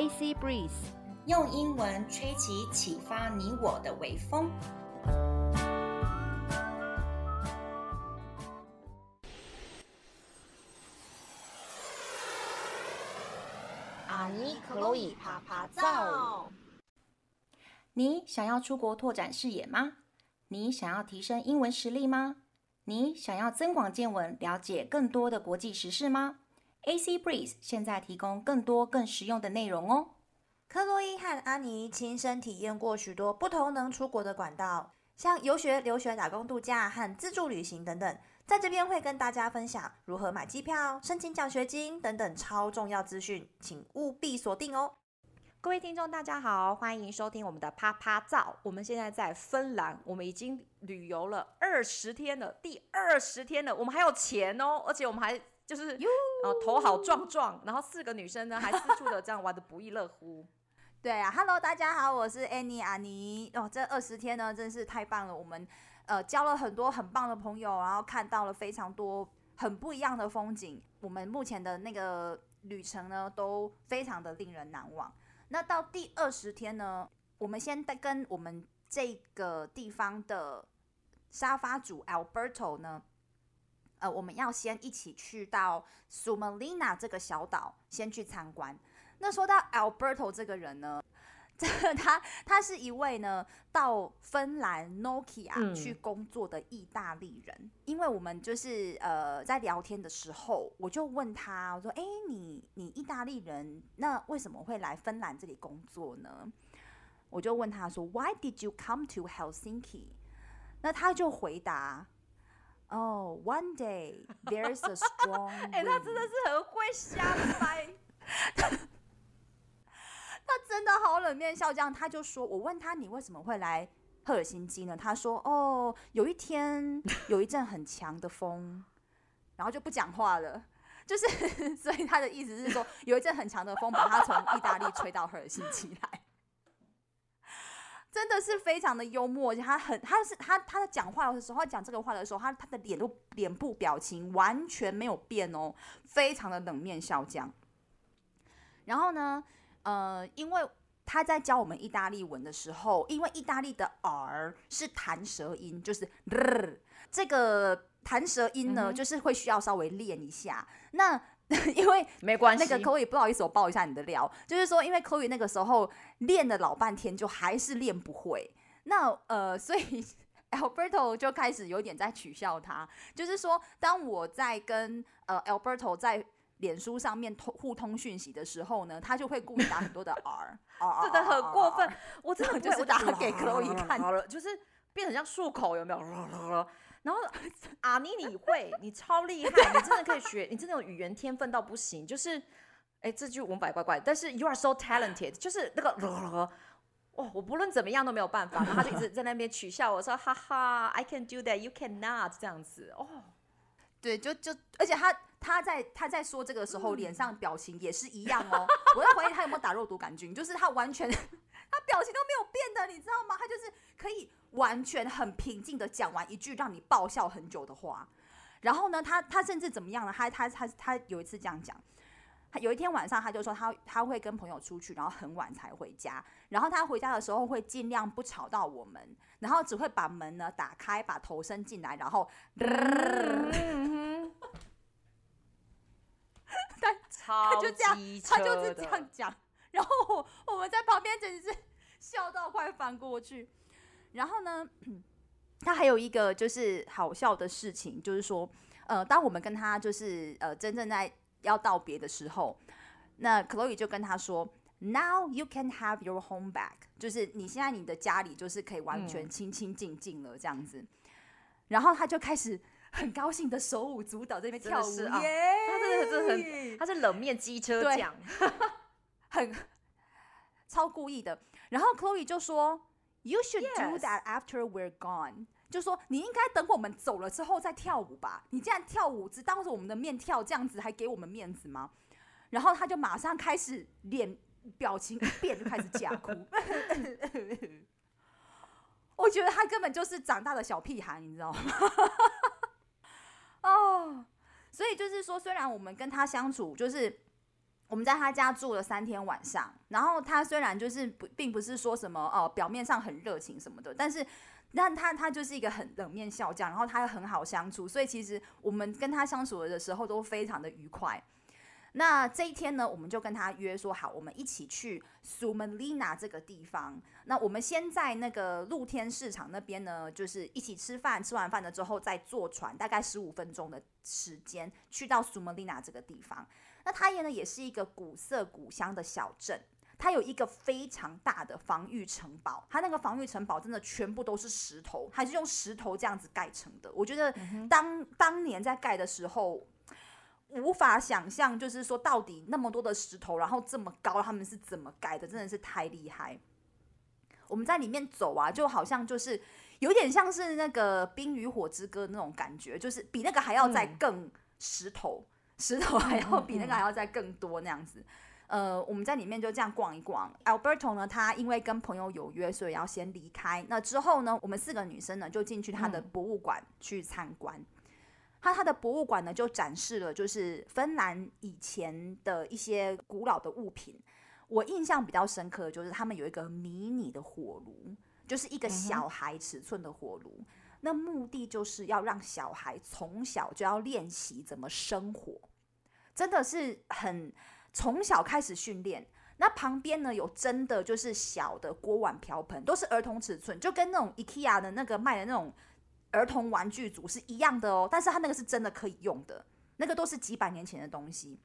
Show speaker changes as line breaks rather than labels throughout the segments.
AC Breeze，用英文吹起啟發你我的微風。阿尼克洛伊趴趴造，你想要出國拓展視野嗎？你想要提升英文實力嗎？你想要增廣見聞，了解更多的國際時事嗎？AC Breeze 現在提供更多更實用的內容哦。
克洛伊和阿尼親身體驗過許多不同能出國的管道，像遊學、留學、打工、度假和自助旅行等等。在這邊會跟大家分享如何買
機票、申請獎學金等等超重要資訊，請務必鎖定哦。各位聽眾，大家好，歡迎收聽我們的趴趴造。我們現在在芬蘭，我們已經旅遊了二十天了，第二十天了，我們還有錢哦，而且我們還。就是，然後、呃、頭好壯壯，然後四個女生呢還四處的這樣玩的不亦樂乎。
對啊，Hello，大家好，我是 Annie 阿尼。哦，這二十天呢真是太棒了，我們呃交了很多很棒的朋友，然後看到了非常多很不一樣的風景。我們目前的那個旅程呢都非常的令人難忘。那到第二十天呢，我們先跟我們這個地方的沙發主 Alberto 呢。呃，我們要先一起去到 Suomenlinna 這個小島，先去參觀。那說到 Alberto 這個人呢，這他他是一位呢到芬蘭 Nokia 去工作的意大利人。嗯、因為我們就是呃在聊天的時候，我就問他，我說：“哎、欸，你你意大利人，那為什麼會來芬蘭這裡工作呢？”我就問他說：“Why did you come to Helsinki？” 那他就回答。哦、oh，One day there's a
strong. 哎、 欸，他真的是很會瞎掰，
他真的好冷面笑匠這樣。他就說，我問他你為什麼會來赫爾辛基呢？他說，哦，有一天有一陣很強的風，然後就不講話了。就是，所以他的意思是說，有一陣很強的風把他從意大利吹到赫爾辛基來。真的是非常的幽默，他很，他是他他在講話的時候他講這個話的時候，他他的臉都臉部表情完全沒有變哦，非常的冷面笑匠。然後呢，呃，因為他在教我們意大利文的時候，因為意大利的 R 是彈舌音，就是 r, 這個彈舌音呢，嗯、哼就是會需要稍微練一下。那 因為那個 Chloe，沒關係。不好意思，我爆一下你的料，就是說，因為 Chloe 那個時候練了老半天，就還是練不會。那呃，所以 Alberto 就開始有點在取笑他，就是說，當我在跟呃 Alberto 在臉書上面互通訊息的時候呢，他就會故意打很多的
R，真的很過分。我真的就是打給 Chloe 看，就是變成像漱口，有沒有？然後阿尼、啊、你你會，你超厲害，你真的可以學，你真的有語言天分到不行。就是，哎，這句文法怪怪，但是 you are so talented，就是那個、呃，哦，我不論怎麼樣都沒有辦法，然後他就一直在那邊取笑我說，哈哈，I can do that，you cannot，這樣子哦，對，就就，而且他
他在他在說這個的時候，嗯、臉上表情也是一樣哦，我在懷疑他有沒有打肉毒桿菌，就是他完全他表情都沒有變的，你知道嗎？他就是可以。完全很平靜的講完一句讓你爆笑很久的話，然後呢，他他甚至怎麼樣呢？他他他他有一次這樣講，他有一天晚上他就說他他會跟朋友出去，然後很晚才回家，然後他回家的時候會盡量不吵到我們，然後只會把門呢打開，把頭伸進來，然後，嗯、哼 他他就這樣他就是這樣講，然後我我們在旁邊簡直是笑到快翻過去。然後呢，他還有一個就是好笑的事情，就是說，呃，當我們跟他就是呃真正在要道別的時候，那 Chloe 就跟他說：“Now you can have your home back，就是你現在你的家裡就是可以完全清清淨淨了、嗯、這樣子。”然後他就開始很高興的手舞足蹈在那邊跳舞啊，他真的是、哦、Yeah! 真的很他是冷面機車匠，對 很超故意的。然後 Chloe 就說。You should do that after we're gone。Yes. 就說你應該等我們走了之後再跳舞吧。你既然跳舞，只當着我們的面跳，這樣子還給我們面子嗎？然後他就馬上開始臉表情一變，就開始假哭。 我覺得他根本就是長大的小屁孩，你知道嗎？哦、 oh,，所以就是說，雖然我們跟他相處，就是。我們在他家住了三天晚上，然後他雖然就是不，並不是說什麼哦，表面上很熱情什麼的，但是，但他他就是一個很冷面笑匠，然後他又很好相處，所以其實我們跟他相處的時候都非常的愉快。那這一天呢，我們就跟他約說好，我們一起去 Suomenlinna 這個地方。那我們先在那個露天市場那邊呢，就是一起吃飯，吃完飯了之後再坐船，大概十五分鐘的時間去到 Suomenlinna 這個地方。那它也呢，也是一個古色古香的小鎮。它有一個非常大的防禦城堡，它那個防禦城堡真的全部都是石頭，還是用石頭這樣子蓋成的。我覺得當、嗯、哼當年在蓋的時候，無法想象，就是說到底那麼多的石頭，然後這麼高，他們是怎麼蓋的？真的是太厲害。我們在裡面走啊，就好像就是有點像是那個《冰與火之歌》那種感覺，就是比那個還要再更石頭。嗯石頭還要比那個還要再更多那樣子，呃，我們在裡面就這樣逛一逛。Alberto 呢，他因為跟朋友有約，所以要先離開。那之後呢，我們四個女生呢就進去他的博物館去參觀。嗯、他他的博物館呢就展示了就是芬蘭以前的一些古老的物品。我印象比較深刻的就是他們有一個迷你的火爐，就是一個小孩尺寸的火爐。那目的就是要讓小孩從小就要練習怎麼生火。真的是很從小開始訓練，那旁邊呢有真的就是小的鍋碗瓢盆，都是兒童尺寸，就跟那種 IKEA 的那個賣的那種兒童玩具組是一樣的哦。但是他那個是真的可以用的，那個都是幾百年前的東西。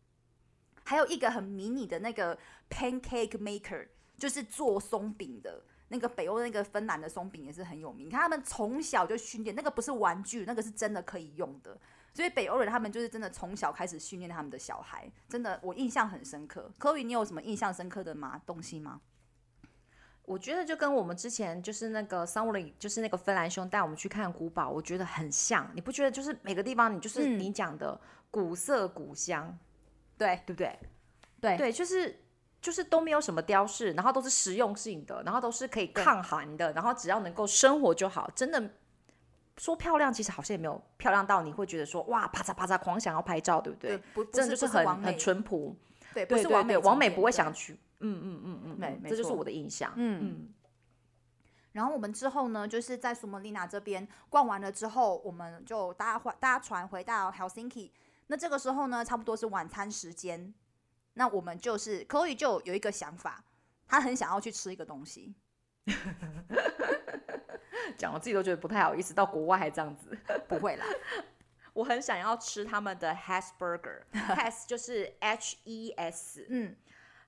還有一個很迷你的那個 pancake maker，就是做鬆餅的那個北歐那個芬蘭的鬆餅也是很有名。你看他們從小就訓練，那個不是玩具，那個是真的可以用的。所以北歐人他們就是真的從小開始訓練他們的小孩，真的我印象很深刻。柯宇，你有什麼印象深刻的嗎？東西嗎？
我覺得就跟我們之前就是那個 Savonlinna 就是那個芬蘭兄帶我們去看古堡，我覺得很像。你不覺得？就是每個地方，你就是你講的、嗯、古色古香，對對不對？對對，就是就是都沒有什麼雕飾，然後都是實用性的，然後都是可以抗寒的，對然後只要能夠生活就好，真的。說漂亮，其實好像也沒有漂亮到你會覺得說，哇啪嚓啪嚓，狂想要拍照，對不對？不，不，這就是很美很淳樸，對，不是完美，完美，美不會想去，嗯嗯嗯嗯，對、嗯，嗯嗯、這就是我的印象，嗯嗯。嗯
然後我們之後呢，就是在 Suomenlinna 這邊逛完了之後，我們就搭搭船回到 Helsinki。那這個時候呢，差不多是晚餐時間，那我們就是 Chloe 就有一個想法，他
很想要去吃一個東西。 講我自己都覺得不太好意思，到國外還這樣子。不會啦， 我很想要吃他們的 Hesburger，Hes 就是 H E S，, 嗯，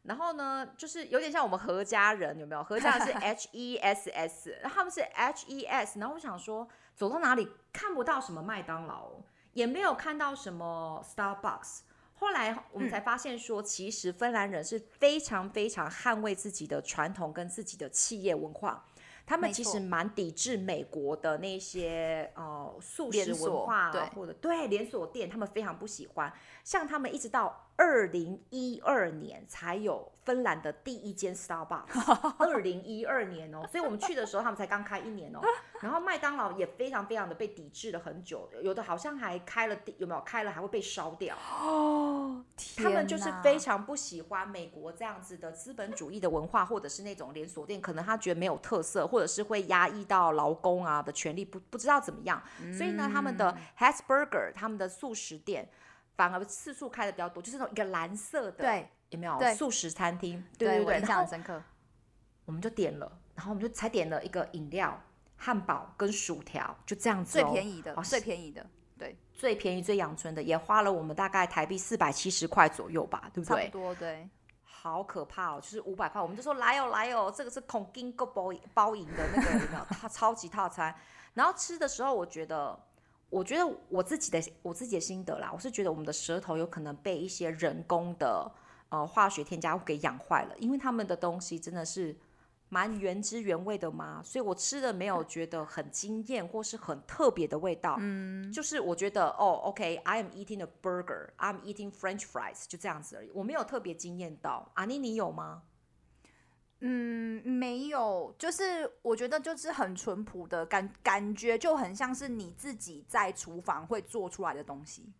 然後呢，就是有點像我們何嘉仁有沒有？何嘉仁是 H E S S，, 然後他們是 H E S，然後我想說，走到哪裡看不到什麼麥當勞，也沒有看到什麼 Starbucks，後來我們才發現說，嗯，其實芬蘭人是非常非常捍衛自己的傳統跟自己的企業文化。他們其實蠻抵制美國的那些呃素食文化，連鎖，或者對，對連鎖店，他們非常不喜歡。像他們一直到，二零一二年才有芬蘭的第一間 Starbucks，二零一二年哦，所以我們去的時候他們才剛開一年哦。然後麥當勞也非常非常的被抵制了很久，有的好像還開了，有沒有開了還會被燒掉？哦，他們就是非常不喜歡美國這樣子的資本主義的文化，或者是那種連鎖店，可能他覺得沒有特色，或者是會壓抑到勞工啊的權利不不知道怎麼樣。嗯、所以呢，他們的 Hesburger，他們的速食店。反而次數開的比較多，就是那一個藍色的，有沒有？素食餐廳，對對對，印象很深刻。我們就點了，然後我們就才點了一個飲料、漢堡跟薯條，就這樣子哦。最便宜的，最便宜的，對，最便宜最陽春的，也花了我們大概台幣四百七十塊左右吧，對不對？差不多，對。好可怕哦，就是五百塊，我們就說來哦來哦，這個是恐金夠包包贏的那個，有沒有？它超級套餐。然後吃的時候，我覺得。我覺得我自己的我自己的心得啦，我是覺得我們的舌頭有可能被一些人工的呃化學添加物給養壞了，因為他們的東西真的是蠻原汁原味的嘛，所以我吃的沒有覺得很驚艷或是很特別的味道，嗯，就是我覺得哦，OK，I am eating a burger，I am eating French fries，就這樣子而已，我沒有特別驚艷到。阿尼，你有嗎？
嗯，沒有，就是我覺得就是很淳樸的感感覺，就很像是你自己在廚房會做出來的東西。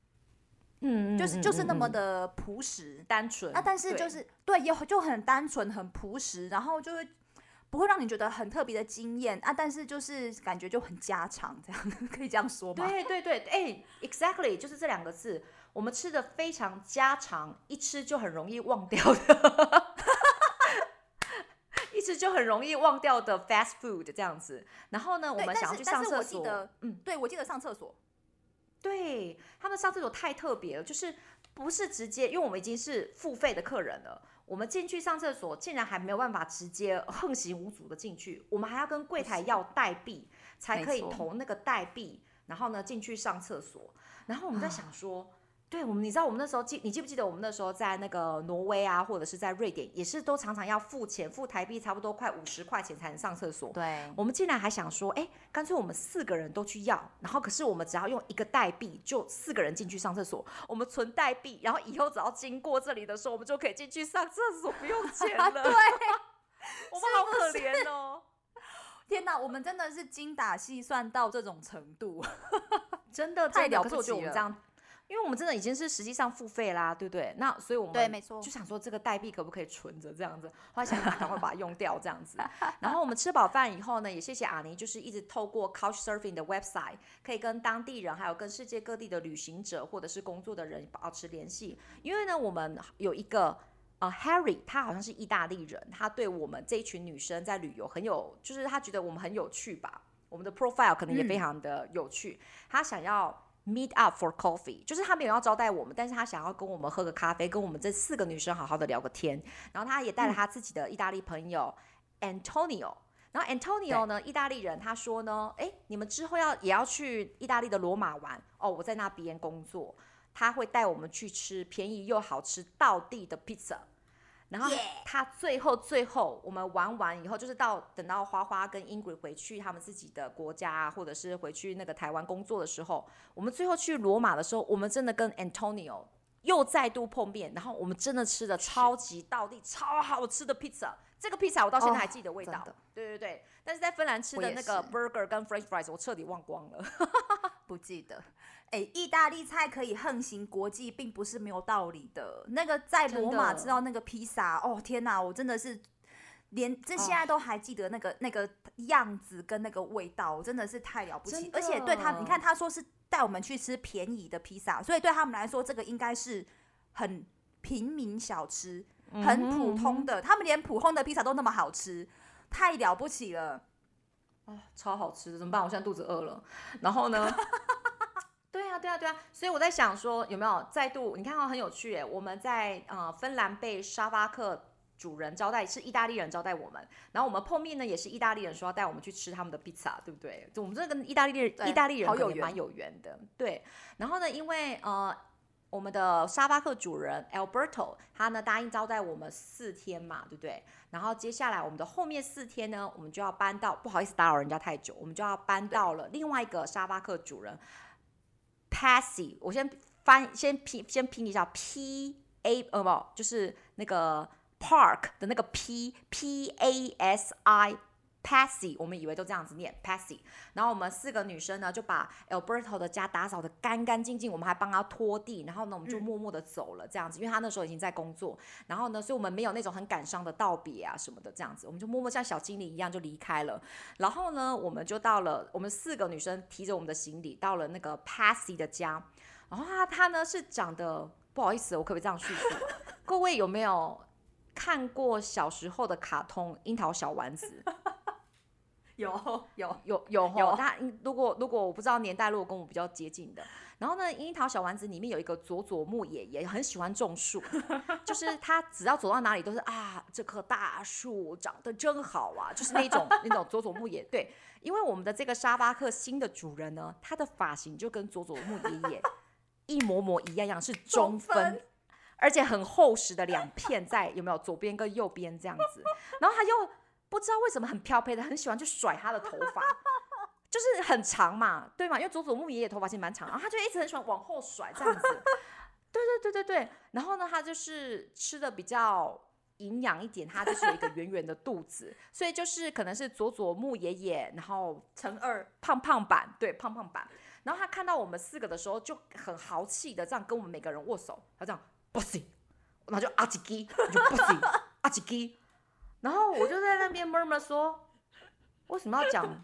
嗯，
就是就是那麼
的樸實單純啊，但是就是對，對，也就很單純很樸實，然後就會不會讓你覺得很特別的驚艷啊，但是就是感覺就很家常，這
樣可以這樣說嗎？對對對，哎，exactly，就是這兩個字，我們吃的非常家常，一吃就很容易忘掉的。 是就很容易忘掉的 fast food 這樣子，然後呢，對我們想要去上廁所。嗯，對，我記得上廁所。對，他們上廁所太特別了，就是不是直接，因為我們已經是付費的客人了，我們進去上廁所竟然還沒有辦法直接橫行無阻的進去，我們還要跟櫃台要代幣是才可以投那個代幣，錯然後呢進去上廁所。然後我們在想說。啊對，我們你知道我們那時候記，你記不記得我們那時候在那個挪威啊，或者是在瑞典，也是都常常要付錢，付台幣差不多快五十塊錢才能上廁所。對，我們竟然還想說，哎，乾脆我們四個人都去要，然後可是我們只要用一個代幣，就四個人進去上廁所。我們存代幣，然後以後只要經過這裡的時候，我們就可以進去上廁所，不用錢了。啊、對，是是 我們好可憐
哦！天哪，我們真的是精打細算到這種程度，
真的太了不起了。因為我們真的已經是實際上付費啦，對不對？那所以我們就想說，這個代幣可不可以存着這樣子？對，沒錯。後來想應該會把它用掉這樣子。 然後我們吃飽飯以後呢，也謝謝阿尼，就是一直透過 Couchsurfing 的 website，可以跟當地人還有跟世界各地的旅行者或者是工作的人保持聯繫。因為呢，我們有一個呃 Harry，他好像是意大利人，他對我們這一群女生在旅遊很有，就是他覺得我們很有趣吧。我們的 profile 可能也非常的有趣，嗯、他想要。Meet up for coffee，就是他沒有要招待我們，但是他想要跟我們喝個咖啡，跟我們這四個女生好好的聊個天。然後他也帶了他自己的意大利朋友 Antonio，然後 Antonio 呢，意對大利人，他說呢，哎、欸，你們之後要也要去意大利的羅馬玩哦，我在那邊工作，他會帶我們去吃便宜又好吃道地的 pizza。然後他最後最後，我們玩完以後，就是到等到花花跟 Ingrid 回去他們自己的國家，啊，或者是回去那個台灣工作的時候，我們最後去羅馬的時候，我們真的跟 Antonio 又再度碰面，然後我們真的吃的超級道地、是超好吃的 pizza，這個 pizza 我到現在還記得味道。Oh, 對對對，但是在芬蘭吃的那個 burger 跟 French fries 我徹底忘
光了。 不記得，誒、欸，意大利菜可以橫行國際，並不是沒有道理的。那個在羅馬知道那個披薩的，哦，天哪，我真的是連這現在都還記得那個、oh. 那個樣子跟那個味道，我真的是太了不起。的而且對他們，你看他說是帶我們去吃便宜的披薩，所以對他們來說，這個應該是很平民小吃，很普通的。Mm hmm. 他們連普通的披薩都那
麼好吃，太了不起了。哦、超好吃的，怎麼辦？我現在肚子餓了。然後呢？ 對啊，對啊，對啊。所以我在想說，有沒有再度？你看啊、哦，很有趣，我們在、呃、芬蘭被沙發客主人招待，是意大利人招待我們。然後我們碰面呢，也是意大利人說要帶我們去吃他們的披薩，對不對？我們真的跟意大利人，意大利人也蠻有緣的。對。然後呢，因為呃。我們的沙發客主人 Alberto，他呢答應招待我們四天嘛，對不對？然後接下來我們的後面四天呢，我們就要搬到，不好意思打擾人家太久，我們就要搬到了另外一個沙發客主人 Pasi。我先翻，先拼，先拼一下 P A，呃不，就是那個 Park 的那個 P P A S I。Pasi 我們以為都這樣子念 Pasi，然後我們四個女生呢就把 Alberto 的家打掃得乾乾淨淨，我們還幫他拖地，然後呢我們就默默的走了這樣子，因為他那時候已經在工作，然後呢，所以我們沒有那種很感傷的道別啊什麼的這樣子，我們就默默像小精靈一樣就離開了。然後呢，我們就到了，我們四個女生提着我們的行李到了那個 Pasi 的家，然後啊他呢是長得不好意思，我可不可以這樣敘述？各位有沒有看過小時候的卡通櫻桃小丸子？有有有有有，他如果如果我不知道年代，如果跟我比較接近的，然後呢，《櫻桃小丸子》裡面有一個佐佐木爺爺，很喜歡種樹，就是他只要走到哪裡都是啊，這棵大樹長得真好啊，就是那種那種佐佐木爺，對，因為我們的這個沙巴克新的主人呢，他的髮型就跟佐佐木爺爺一模模一樣樣，是中分，中分，而且很厚實的兩片在，有沒有左邊跟右邊這樣子？然後他又。不知道為什麼很漂配的，很喜歡去甩他的頭髮，就是很長嘛，對嘛？因為佐佐木爺爺頭髮其實蠻長的，然、啊、後他就一直很喜歡往後甩這樣子。對對對對對。然後呢，他就是吃的比較營養一點，他就是有一個圓圓的肚子，所以就是可能是佐佐木爺爺，然後乘二胖胖版，對胖胖版。然後他看到我們四個的時候就很豪氣的這樣跟我們每個人握手，他這樣 bossy， 然後就阿吉吉 bossy，阿吉吉。 然後我就在那邊默默說，為什麼要講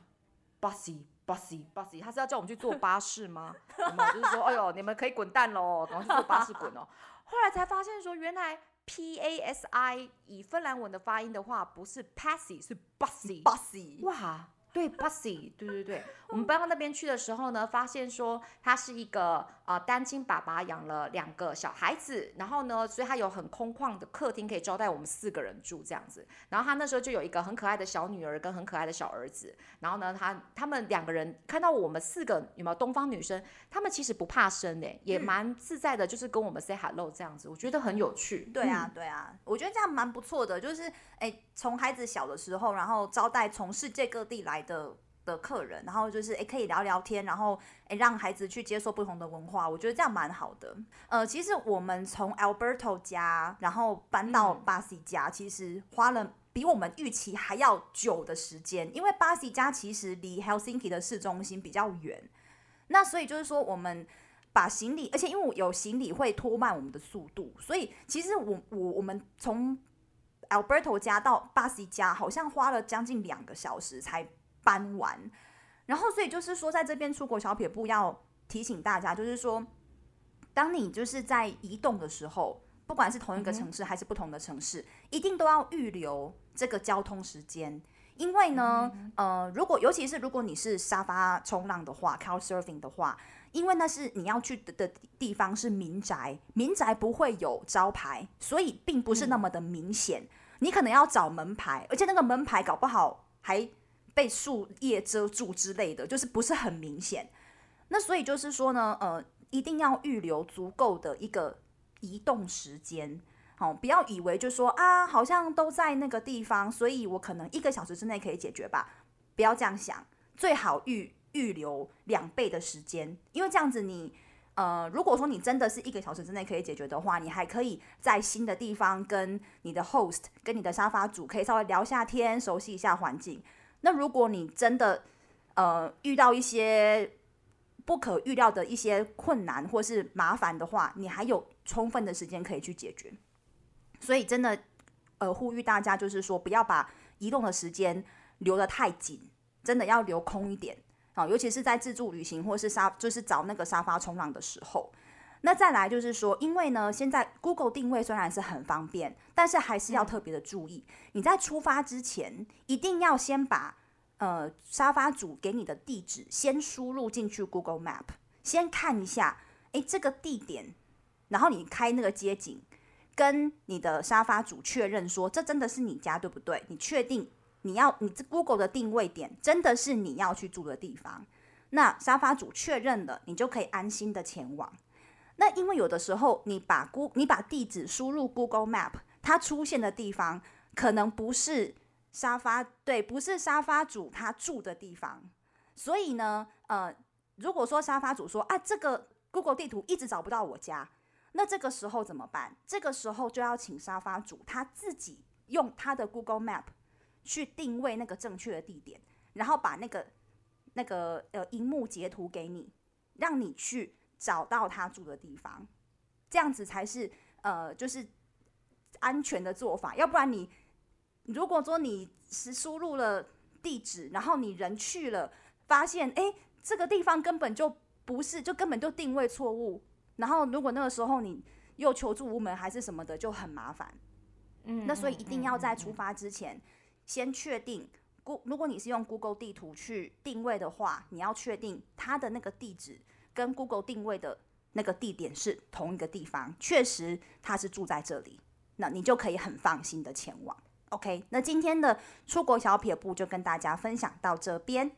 busy busy busy，他是要叫我們去坐巴士嗎有沒有？就是說，哎呦，你們可以滾蛋嘍，趕快去坐巴士滾嘍。 後來才發現說，原來 pasi 以芬蘭文的發音的話，不是 passi，是 busy busy 哇！ 對，巴西，對對對， 我們搬到那邊去的時候呢，發現說他是一個啊、呃、單親爸爸，養了兩個小孩子，然後呢，所以他有很空曠的客廳可以招待我們四個人住這樣子。然後他那時候就有一個很可愛的小女兒跟很可愛的小兒子，然後呢，他他們兩個人看到我們四個有沒有東方女生，他們其實不怕生嘞、欸，嗯、也蠻自在的，就是跟我們 say hello 這樣子，我覺得很有趣。嗯、對啊，對啊，我覺得這樣蠻不錯的，就是誒從孩
子小的時候，然後招待從世界各地來。的的客人，然後就是誒可以聊聊天，然後誒讓孩子去接受不同的文化，我覺得這樣蠻好的。呃，其實我們從 Alberto 家，然後搬到巴西家，其實花了比我們預期還要久的時間，因為巴西家其實離 Helsinki 的市中心比較遠，那所以就是說，我們把行李，而且因為我有行李會拖慢我們的速度，所以其實我我我們從 Alberto 家到巴西家，好像花了將近兩個小時才。搬完，然後所以就是說，在這邊出國小撇步要提醒大家，就是說，當你就是在移動的時候，不管是同一個城市還是不同的城市，嗯、一定都要預留這個交通時間，因為呢，嗯、呃，如果尤其是如果你是沙發衝浪的話，Couchsurfing 的話，因為那是你要去的的地方是民宅，民宅不會有招牌，所以並不是那麼的明顯，嗯、你可能要找門牌，而且那個門牌搞不好還。被樹葉遮住之類的，就是不是很明顯。那所以就是說呢，呃，一定要預留足夠的一個移動時間，好、哦，不要以為就說啊，好像都在那個地方，所以我可能一個小時之內可以解決吧。不要這樣想，最好預預留兩倍的時間，因為這樣子你，呃，如果說你真的是一個小時之內可以解決的話，你還可以在新的地方跟你的 host、跟你的沙發主可以稍微聊下天，熟悉一下環境。那如果你真的，呃，遇到一些不可預料的一些困難或是麻煩的話，你還有充分的時間可以去解決。所以真的，呃，呼籲大家就是說，不要把移動的時間留得太緊，真的要留空一點啊，尤其是在自助旅行或是沙，就是找那個沙發衝浪的時候。那再來就是說，因為呢，現在 Google 定位雖然是很方便，但是還是要特別的注意。你在出發之前，一定要先把呃沙發主給你的地址先輸入進去 Google Map，先看一下，哎，這個地點，然後你開那個街景，跟你的沙發主確認說，這真的是你家，對不對？你確定你要你 Google 的定位點真的是你要去住的地方？那沙發主確認了，你就可以安心的前往。那因為有的時候你把你把地址輸入 Google Map，它出現的地方可能不是沙發，對，不是沙發主他住的地方，所以呢，呃，如果說沙發主說啊，這個 Google 地圖一直找不到我家，那這個時候怎麼辦？這個時候就要請沙發主他自己用他的 Google Map 去定位那個正確的地點，然後把那個那個呃熒幕截圖給你，讓你去。找到他住的地方，這樣子才是呃，就是安全的做法。要不然你如果說你是輸入了地址，然後你人去了，發現誒、欸、這個地方根本就不是，就根本就定位錯誤。然後如果那個時候你又求助無門還是什麼的，就很麻煩。嗯哼，那所以一定要在出發之前，嗯哼，先確定。如果你是用 Google 地圖去定位的話，你要確定他的那個地址，跟 Google 定位的那個地點是同一個地方，確實他是住在這裡，那你就可以很放心的前往。OK，那今天的出國小撇步就跟大家分享到這邊。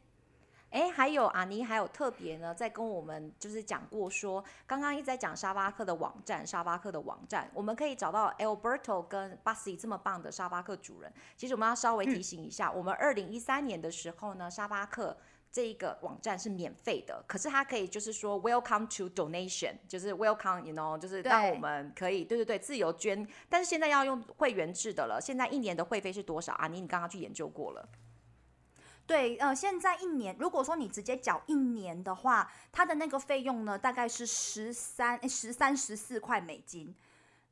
哎，還有阿尼還有特別呢，在跟我們就是講過說，剛剛一直在講沙巴克的網站，沙巴克的網站，我們可以找到 Alberto 跟 Bussy 這麼棒的沙巴克主人。其實我們要稍微提醒一下，嗯、我們二零一三年的時候呢，沙巴克。這一個網站是免費的，可是它可以就是說 welcome to donation，就是 welcome you know，就是讓我們可以對對對自由捐，但是現在要用會員制的了。現在一年的會費是多少啊？你你剛剛去研究過了？
對，呃，現在一年如果說你直接繳一年的話，它的那個費用呢，大概是十三十三十四塊美金，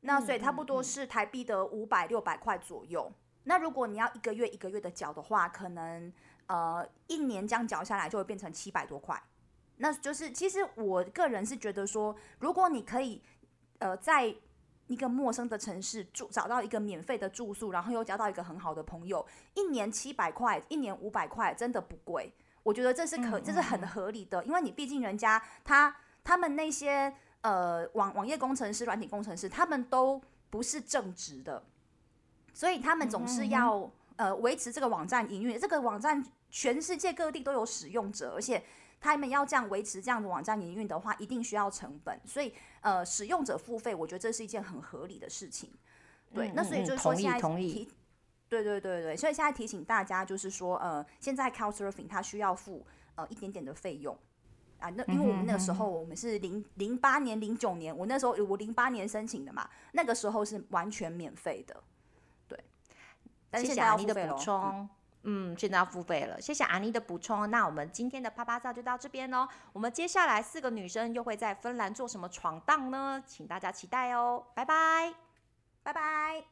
那所以差不多是台幣的五百六百塊左右。嗯嗯、那如果你要一個月一個月的繳的話，可能。呃，一年這樣繳下來就會變成七百多塊，那就是其實我個人是覺得說，如果你可以，呃，在一個陌生的城市住，找到一個免費的住宿，然後又交到一個很好的朋友，一年七百塊，一年五百塊，真的不貴，我覺得這是可，這是很合理的，嗯嗯，因為你畢竟人家他他們那些呃網網頁工程師、軟體工程師，他們都不是正職的，所以他們總是要。呃，維持這個網站營運，這個網站全世界各地都有使用者，而且他們要這樣維持這樣的網站營運的話，一定需要成本。所以，呃，使用者付費，我覺得這是一件很合理的事情。對，嗯、那所以就是說現在提，嗯、對,對對對對，所以現在提醒大家就是說，呃，現在 Couchsurfing 它需要付呃一點點的費用啊。那因為我們那個時候我們是零零八年、零九年，我那時候我零八年申請的
嘛，那個時候是完全免費的。謝謝阿妮的補充，嗯，嗯，現在要付費了。謝謝阿妮的補充，那我們今天的趴趴造就到這邊嘍、哦。我們接下來四個女生又會在芬蘭做什麼闖蕩呢？請大家期待哦，拜拜，拜拜。